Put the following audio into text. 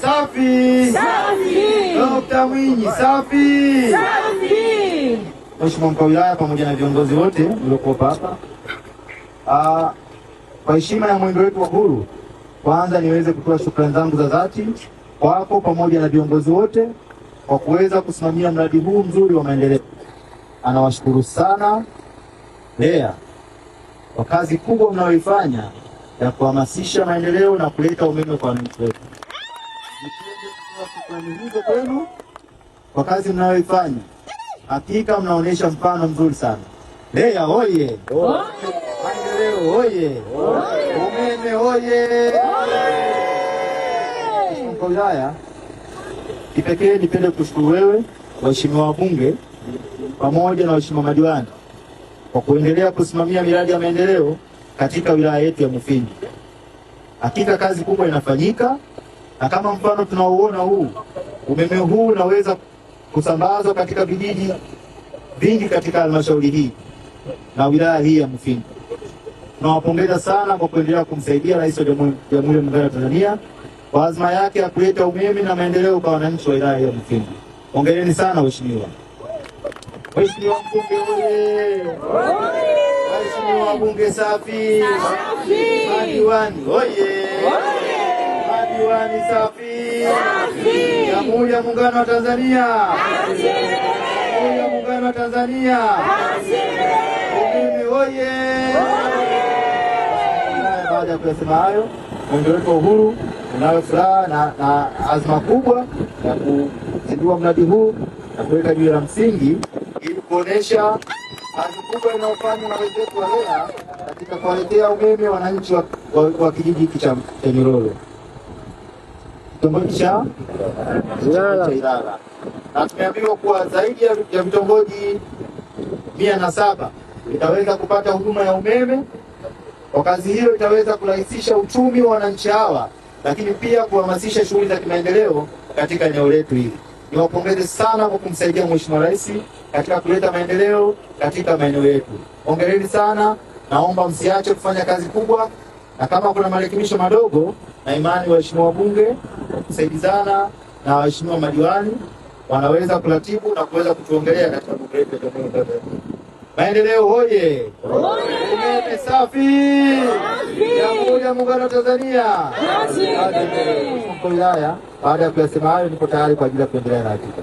safi, Dokta Mwinyi safi, safi. Mheshimiwa mkuu wa wilaya pamoja na viongozi wote mliokuwepo hapa, ah, kwa heshima ya mwenge wetu wa uhuru, kwanza niweze kutoa shukrani zangu za dhati kwako pamoja na viongozi wote kwa kuweza kusimamia mradi huu mzuri wa maendeleo. Anawashukuru sana lea kwa kazi kubwa mnayoifanya ya kuhamasisha maendeleo na kuleta umeme kwa wananchi wetu shukrani hizo kwenu kwa kazi mnayoifanya, hakika mnaonyesha mfano mzuri sana. Deya oye! Maendeleo oye! Umeme oye! Kwa wilaya kipekee, nipende kushukuru wewe, waheshimiwa wabunge pamoja na waheshimiwa madiwani kwa kuendelea kusimamia miradi ya maendeleo katika wilaya yetu ya Mufindi. Hakika kazi kubwa inafanyika na kama mfano tunaoona huu, umeme huu unaweza kusambazwa katika vijiji vingi katika halmashauri hii na wilaya hii ya Mufindi. Tunawapongeza sana kwa kuendelea kumsaidia Rais wa Jamhuri ya Muungano wa Tanzania kwa azma yake ya kuleta umeme na maendeleo kwa wananchi wa wilaya hii ya Mufindi. Hongereni sana mheshimiwa. Mheshimiwa mbunge oye! Waheshimiwa bunge safi! Madiwani oye! ikiwa ni safi. Jamhuri ya Muungano wa Tanzania, Jamhuri ya Muungano wa Tanzania, Lulimi oye! baada ya kuyasema hayo, mwenge wetu wa uhuru unayo furaha na, na azma kubwa ya kuzindua mradi huu na kuweka jiwe la msingi ili kuonesha kazi kubwa inayofanywa na wenzetu wa REA katika kuwaletea umeme wananchi wa, wa, wa kijiji hiki cha Nyerolo kitongoji cha Ilala na tumeambiwa kuwa zaidi ya vitongoji mia na saba itaweza kupata huduma ya umeme. Kwa kazi hiyo itaweza kurahisisha uchumi wa wananchi hawa, lakini pia kuhamasisha shughuli za kimaendeleo katika eneo letu hili. Niwapongeze sana kwa kumsaidia Mheshimiwa Rais katika kuleta maendeleo katika maeneo yetu. Hongereni sana, naomba msiache kufanya kazi kubwa, na kama kuna marekebisho madogo na imani waheshimiwa wabunge kwa kusaidizana na waheshimiwa madiwani wanaweza kuratibu na kuweza kutuongelea katika bunge letu la Jamhuri ya Tanzania. Maendeleo hoye! Umeme safi! Jamhuri ya Muungano wa Tanzania! Wilaya, baada ya kuyasema hayo, niko tayari kwa ajili ya kuendelea na hakika